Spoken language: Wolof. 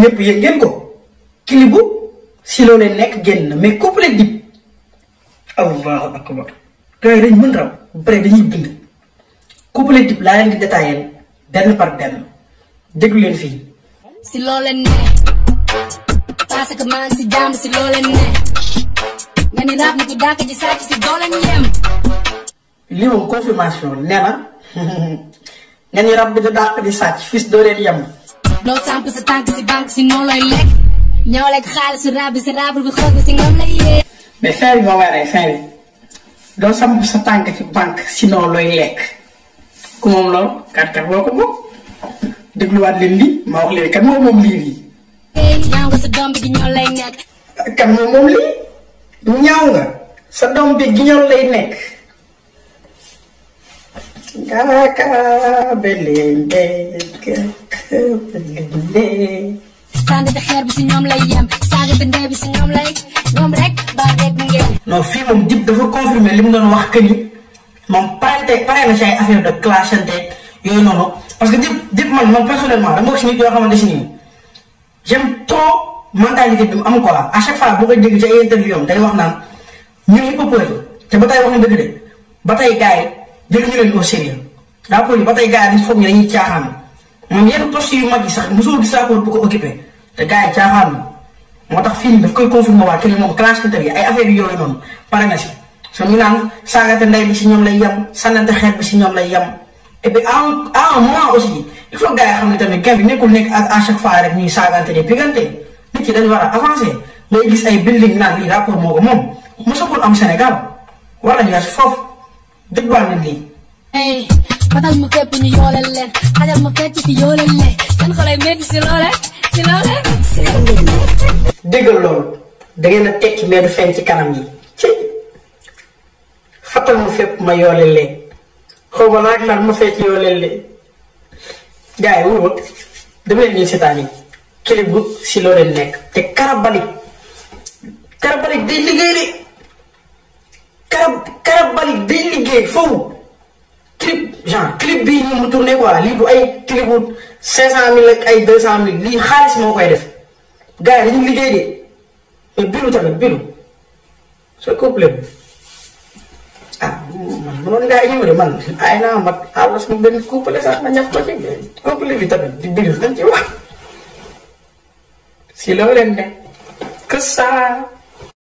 ñëpp yëg ngeen ko kilibu si loo leen nekk génn na mais couplet dib allahu akbar gars yi dañ mën raw bare dañuy bind couplet dib laa leen di détaillé benn par benn déglu leen fii si loo ne parce que maa ngi si jàmm si loo leen ne nga ni raab ni ku dàkk ji sàcc si doo leen yem lii moom confirmation nee na nga ni rab bi da dàq di sàcc fis doo leen yem doo samp sa tànk si banque si noonu lay lekk ñoo lekk xaalis si rab lay yee. tànk ci banque si noonu looy lekk ku moom loolu kat kat boo ko moom dégluwaat leen lii gi ñoo lay nekk. sànni de xeer bi si ñoom lay yem saaga de ndee bi si ñoom lay ñoom rek dafa confirmer li mu doon wax que ni moom parente pare na si ay affaire de clashante yooyu noonu parce que Dip Dip man man personnellement dama ko si nit yoo xamante nii j'aime trop bi mu am la à chaque fois boo koy dégg ci interview am day wax naan ñu ngi ëpp te ba tey wax ba tey gars yi jël ñu leen foog ñu dañuy caaxaan. moom yenn poste yu mag sax mosoo gis saa ko bu ko occupé te gars yi caaxaan moo tax film daf koy confirmé waat que ne moom classe bi ay affaire yu yooyu noonu pare na si. so ñu naan saagate ndey bi si ñoom lay yem sànnante xeet bi si ñoom lay yem et puis à un à un moment aussi il faut gars yi xam ne tamit kenn bi nekkul nekk à chaque war a avancé moo ko moom am Sénégal wala ñu as foofu dëgg wàllu lii. xajal ma fépp ñu yooleel leen xajal ma fecc ci yooleel leen seen xolay métti si loole si loole. déggal loolu da ngeen a tekki ci kanam yi ci xatal yooleel leen xaw ma laaj lan ma fecc yooleel leen gars yi wóorul dama leen ñuy seetaan day liggéey de karab karabalik day liggéey foofu. genre clip bi ñu mu tourner quoi li du ay clipu 500000 ak ay 200000 li xaliss mo koy def gaay yi dañu liggéey de mais biru tam biru c'est complet ah non mënoon ngaa ñëw de man ay naa ma àll sama benn couple sax ma ñaf ko ci couple bi tamit di biru dañ ci wax si loolu leen ne que ça